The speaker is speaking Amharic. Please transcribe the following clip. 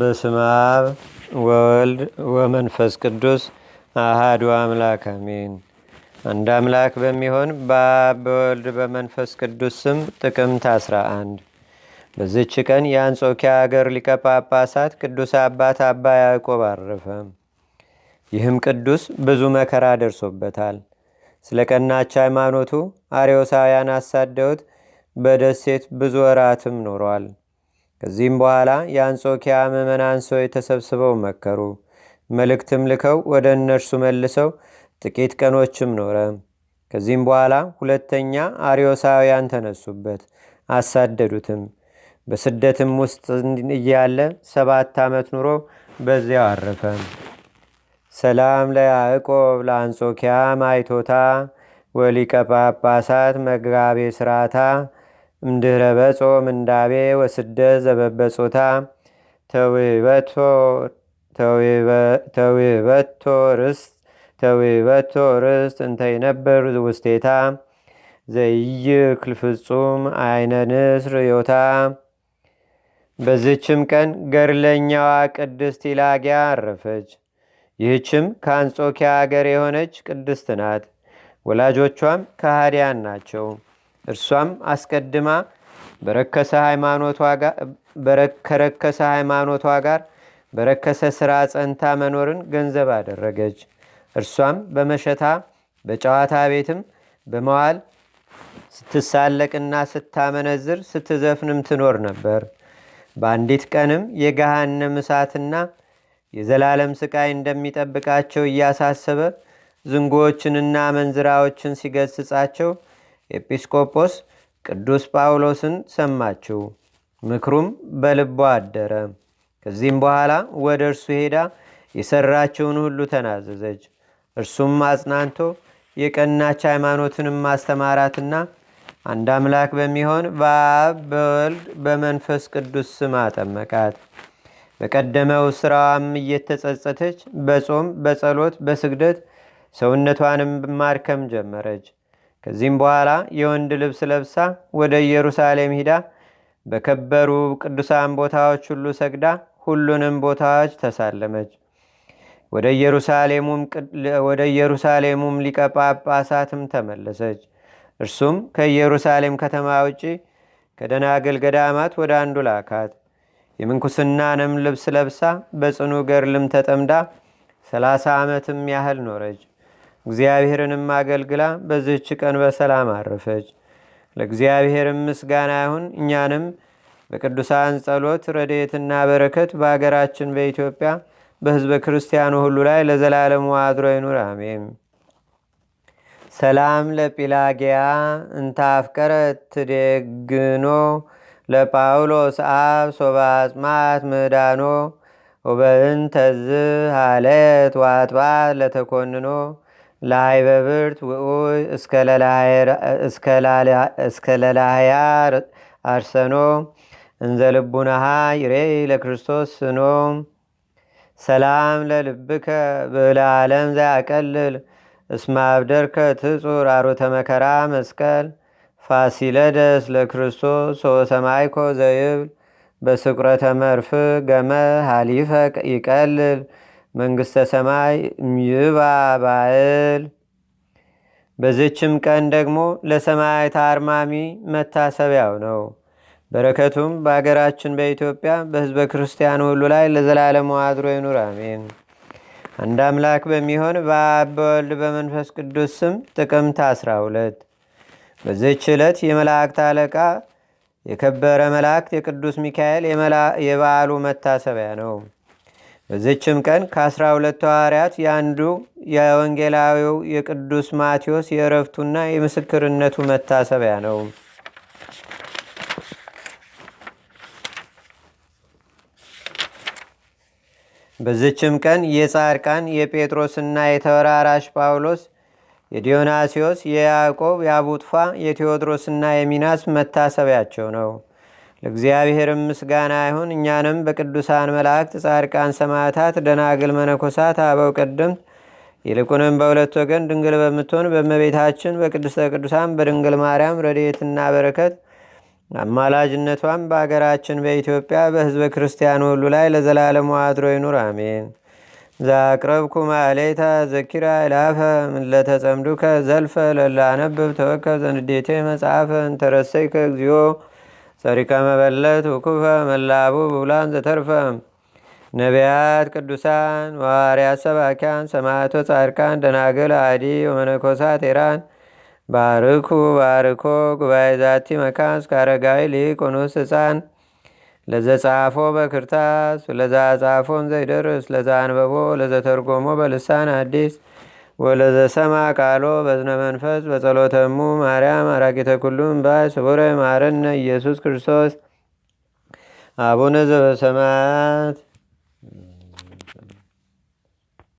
በስመ አብ ወወልድ ወመንፈስ ቅዱስ አህዱ አምላክ አሜን። አንድ አምላክ በሚሆን በአብ በወልድ በመንፈስ ቅዱስ ስም ጥቅምት 11 በዝች ቀን የአንጾኪያ አገር ሊቀ ጳጳሳት ቅዱስ አባት አባ ያዕቆብ አረፈ። ይህም ቅዱስ ብዙ መከራ ደርሶበታል። ስለ ቀናች ሃይማኖቱ አርዮሳውያን አሳደውት በደሴት ብዙ ወራትም ኖሯል። ከዚህም በኋላ የአንጾኪያ ምዕመናን ሰዎች ተሰብስበው መከሩ። መልእክትም ልከው ወደ እነርሱ መልሰው ጥቂት ቀኖችም ኖረ። ከዚህም በኋላ ሁለተኛ አሪዮሳውያን ተነሱበት፣ አሳደዱትም። በስደትም ውስጥ እያለ ሰባት ዓመት ኑሮ በዚያው አረፈ። ሰላም ለያዕቆብ ለአንጾኪያ ማይቶታ ወሊቀ ጳጳሳት መጋቤ ስራታ እምድህረ በጾ ምንዳቤ ወስደት ዘበበጾታ ተዊበቶ ርስት ተዊበቶ ርስት እንተይነብር ውስቴታ ዘይክል ፍጹም አይነ ንስር ዮታ በዝችም ቀን ገርለኛዋ ቅድስት ይላጊያ አረፈች። ይህችም ከአንጾኪያ አገር የሆነች ቅድስት ናት። ወላጆቿም ከሃዲያን ናቸው። እርሷም አስቀድማ ከረከሰ ሃይማኖቷ ጋር በረከሰ ሥራ ጸንታ መኖርን ገንዘብ አደረገች እርሷም በመሸታ በጨዋታ ቤትም በመዋል ስትሳለቅና ስታመነዝር ስትዘፍንም ትኖር ነበር በአንዲት ቀንም የገሃነም እሳትና የዘላለም ስቃይ እንደሚጠብቃቸው እያሳሰበ ዝንጎዎችንና መንዝራዎችን ሲገስጻቸው ኤጲስቆጶስ ቅዱስ ጳውሎስን ሰማችው ምክሩም በልቧ አደረ ከዚህም በኋላ ወደ እርሱ ሄዳ የሰራችውን ሁሉ ተናዘዘች እርሱም አጽናንቶ የቀናች ሃይማኖትንም ማስተማራትና አንድ አምላክ በሚሆን በአብ በወልድ በመንፈስ ቅዱስ ስም አጠመቃት በቀደመው ስራዋም እየተጸጸተች በጾም በጸሎት በስግደት ሰውነቷንም ማርከም ጀመረች ከዚህም በኋላ የወንድ ልብስ ለብሳ ወደ ኢየሩሳሌም ሂዳ በከበሩ ቅዱሳን ቦታዎች ሁሉ ሰግዳ ሁሉንም ቦታዎች ተሳለመች። ወደ ኢየሩሳሌሙም ሊቀ ጳጳሳትም ተመለሰች። እርሱም ከኢየሩሳሌም ከተማ ውጪ ከደናግል ገዳማት ወደ አንዱ ላካት። የምንኩስናንም ልብስ ለብሳ በጽኑ ገርልም ተጠምዳ ሰላሳ ዓመትም ያህል ኖረች። እግዚአብሔርንም አገልግላ በዝህች ቀን በሰላም አረፈች። ለእግዚአብሔርም ምስጋና ይሁን። እኛንም በቅዱሳን ጸሎት ረድኤትና በረከት በአገራችን በኢትዮጵያ በህዝበ ክርስቲያኑ ሁሉ ላይ ለዘላለሙ አድሮ ይኑር፣ አሜን። ሰላም ለጲላጌያ እንታፍቀረ ትደግኖ ለጳውሎስ አብ ሶባጽማት ምዳኖ ወበእንተዝ ሃለት ዋጥባት ለተኮንኖ ለሃይበብርት ውኡ እስከ ለላህያ አርሰኖ እንዘልቡናሃ ይሬ ለክርስቶስ ስኖ ሰላም ለልብከ ብለ ዓለም ዘያቀልል እስማብደርከ ትጹር አሮተ መከራ መስቀል ፋሲለደስ ለክርስቶስ ሰማይኮ ዘይብል በስቁረተ መርፍ ገመ ሃሊፈ ይቀልል መንግሥተ ሰማይ ይባ በዝችም ቀን ደግሞ ለሰማዕታት አርማሚ መታሰቢያው ነው። በረከቱም በአገራችን በኢትዮጵያ በህዝበ ክርስቲያን ሁሉ ላይ ለዘላለሙ አድሮ ይኑር፣ አሜን። አንድ አምላክ በሚሆን በአበወልድ በመንፈስ ቅዱስ ስም ጥቅምት 12 በዚች ዕለት የመላእክት አለቃ የከበረ መላእክት የቅዱስ ሚካኤል የበዓሉ መታሰቢያ ነው። በዝችም ቀን ከአስራ ሁለቱ ሐዋርያት የአንዱ የወንጌላዊው የቅዱስ ማቴዎስ የእረፍቱና የምስክርነቱ መታሰቢያ ነው። በዝችም ቀን የጻድቃን የጴጥሮስና የተወራራሽ ጳውሎስ፣ የዲዮናስዮስ፣ የያዕቆብ፣ የአቡጥፋ፣ የቴዎድሮስና የሚናስ መታሰቢያቸው ነው። ለእግዚአብሔርም ምስጋና ይሁን። እኛንም በቅዱሳን መላእክት፣ ጻድቃን፣ ሰማዕታት፣ ደናግል፣ መነኮሳት፣ አበው ቀደምት ይልቁንም በሁለት ወገን ድንግል በምትሆን በመቤታችን በቅድስተ ቅዱሳን በድንግል ማርያም ረድኤትና በረከት አማላጅነቷም በአገራችን በኢትዮጵያ በህዝበ ክርስቲያን ሁሉ ላይ ለዘላለሙ አድሮ ይኑር፣ አሜን። ዛቅረብኩ ማሌታ ዘኪራ ይላፈ ምለተጸምዱከ ዘልፈ ለላነብብ ተወከብ ዘንዴቴ መጽሐፈ እንተረሰይከ እግዚኦ ሰሪከ መበለት ውኩፈ መላቡ ብብላን ዘተርፈ ነቢያት ቅዱሳን ዋርያ ሰባኪያን ሰማዕቶ ጻድቃን ደናግል አዲ ወመነኮሳት ኢራን ባርኩ ባርኮ ጉባኤ ዛቲ መካን እስካረጋዊ ሊቅ ኑስ ህፃን ለዘፃፎ በክርታስ ለዛጻፎም ዘይደርስ ለዛአንበቦ ለዘተርጎሞ በልሳን አዲስ ወለዘሰማ ቃሎ በዝነ መንፈስ በጸሎተሙ ማርያም አራቂተ ኩሉም ባይ ስቡረ ማረነ ኢየሱስ ክርስቶስ አቡነ ዘበሰማያት